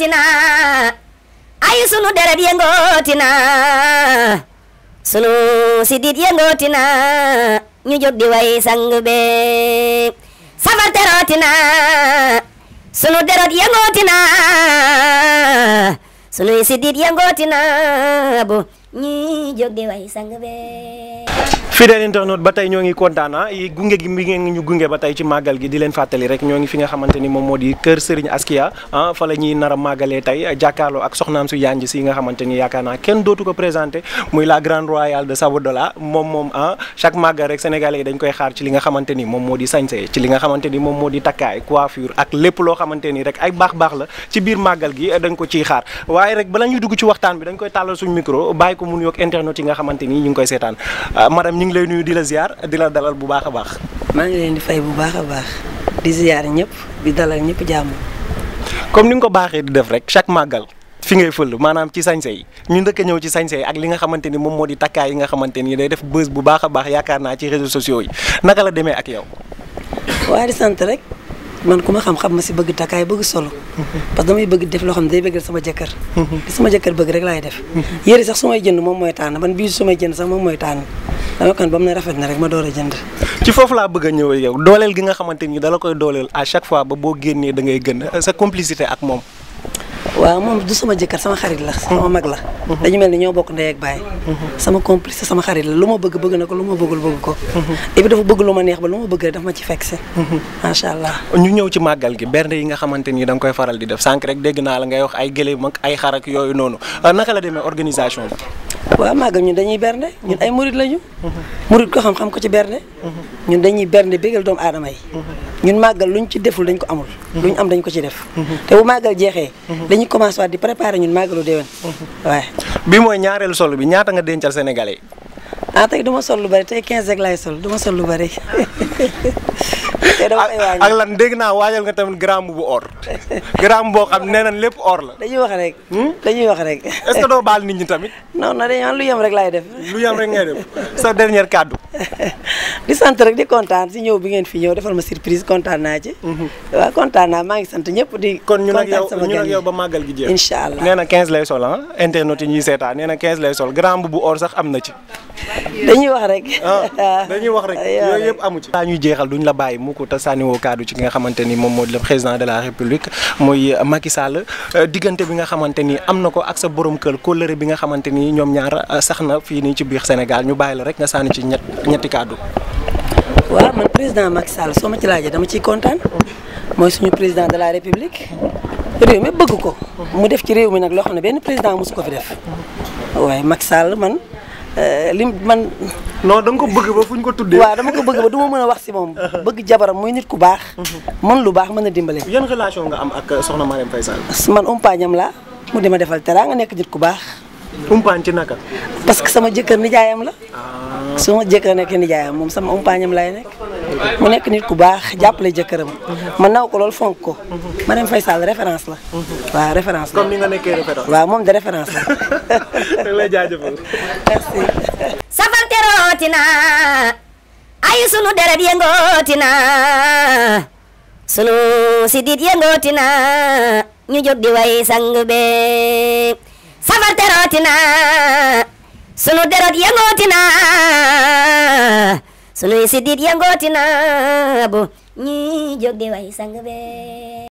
yëngootina ay sunu deret yëngootina sunu sidit yëngootina ñu jóg di way sang be safar terootina sunu deret yëngootina sunu sidit yëngootina bu ñu jóg di way sang fidèle internaute ba tey ñoo ngi kontaan ah, gunge gi mi ngeen ñu gunge ba tey ci màggal gi di leen fàttali rek ñoo ngi fi nga xamante ni moom moo di kër Serigne Askia ah fa la ñuy nar a màggalee tey jàkkaarloo ak soxnaam su yanj si nga xamante ni yaakaar naa kenn dootu ko présenté muy la grande royale de Sabodala moom moom ah chaque màggal rek sénégalais yi dañ koy xaar ci li nga xamante ni moom moo di sañse ci li nga xamante ni moom moo di takkaay coiffure ak lépp loo xamante ni rek ay baax-baax la ci biir màggal gi dañ ko ciy xaar waaye rek bala ñuy dugg ci waxtaan bi dañ koy tàllal suñ micro bàyyi ko mun yokk internautes yi nga xamante ni ñu ngi koy seetaan ah, ngi lay nuyu di la ziar di la dalal bu baax a baax. maa ngi leen di fay bu baax a baax di ziar ñëpp di dalal ñëpp jàmm. comme ni nga ko baaxee di def rek chaque màggal fi ngay fël maanaam ci sañse yi ñu ndëkk ñëw ci sañse yi ak li nga xamante ni moom moo di takkaay yi nga xamante ni day def bës bu baax a baax yaakaar naa ci réseaux sociaux yi naka la demee ak yow. waa di sant rek man ku ma xam xam ma si bëgg takkaay bëgg solo parce que damay bëgg def loo xam ne day bëggal sama jëkkër li sama jëkkër bëgg rek laay def yére sax su may jënd moom mooy tànn man bii su may jënd sax moom mooy tànn dama kon ba mu ne rafet na rek ma door a jënd ci foofu laa bëgg a ñëw yow dooleel gi nga xamante ni dala koy dooleel à chaque fois ba boo génnee da ngay gën sa complicité ak moom waaw moom du sama jëkkër sama xarit la sama mag la dañu mel ni ñoo bokk ndey ak baay sama complice sama xarit la lu ma bëgg bëgg na ko lu ma bëggul bëgg ko et puis dafa bëgg lu ma neex ba lu ma bëgg rek dafa ma ci fekk si macha allah ñu ñëw ci màggal gi bernde yi nga xamante ni da nga koy faral di def sànq rek dégg naa la ngay wax ay gëléem ak ay xarak yooyu noonu euh, naka la demee organisation bi waaw màggal ñun dañuy bernde ñun ay murid lañu murid ko xam-xam ko ci bernde ñun dañuy bernde bégal doomu aadama yi ñun màggal luñ ci deful dañ ko amul luñ am dañ ko ci def te bu màggal jeexee ñi commencé waat di préparer ñun màggalu déwén. waaye. bi mooy ñaareelu sol bi ñaata nga dencal sénégalais yi. ah tey du sol lu bëri tey 15 rek laay sol du ma sol lu bari ak lan dégg naa waajal nga tamit gramme bu or. gramme boo xam nee lépp or la. dañuy wax rek. Hmm? dañuy wax rek. est-ce ñi tamit. non non dañu lu yem rek laay def. lu yem sa dernier kàddu. di sant rek di kontaan si ñëw bi ngeen fi ñëw defal ma surprise kontaan naa ci. waaw kontaan naa ngi sant ñëpp di. kon ñun ak yow ñun ak ba màggal gi jeex. incha nee na 15 lay sol ah internet yi ñuy seetaan nee lay sol gramme bu or sax am na ci. dañuy wax rek. Ah, dañuy wax rek yooyu yëpp amu ci. daa ñuy jeexal duñ la bàyyi mu ko te sànniwoo kaddu ci ki nga xamante ni moom moo di le président de la république muy Macky Sall euh, diggante bi nga xamante ni am na ko ak sa borom kër kóllëre bi nga xamante ni ñoom ñaar euh, sax na fii nii ci biir Sénégal ñu bàyyi la rek nga sànni ci ñett ñetti kaddu. waaw man président Macky Sall soo ma ci laajee dama ciy kontaan mooy suñu président de la république réew mi bëgg ko. mu def ci réew mi nag loo xam ne benn président mosu ko fi def waaye Macky Sall Euh, li man. non da nga ko bëgg ba fu ñu ko tuddee. waa dama ko bëgg ba du ma mën a wax si moom. bëgg jabaram muy nit ku baax. man mhm. lu baax mën a dimbale. yan relation nga am ak soxna Marème Faye Sall. man umpaañam la mu dima defal nga nekk nit ku baax. umpaañ ci naka. parce que sama jëkkër nijaayam la. Ah. su sama jëkkër nekk nijaayam moom sama umpaañam laay nekk. mu nekk nit ku baax jàppale jëkkëram. ma naw ko loolu fonk ko. Marème Faye Sall référence la. waaw référence la comme ni nga nekkee référence. waaw moom de référence la. da lay jaajëfal. merci. safante rootina sunu deret yëngootina sunu sidit yëngootina ñu jóg di way sang be safante rootina sunu deret yëngootina sunuy sidit yangooti na bu ñi jóg di way sang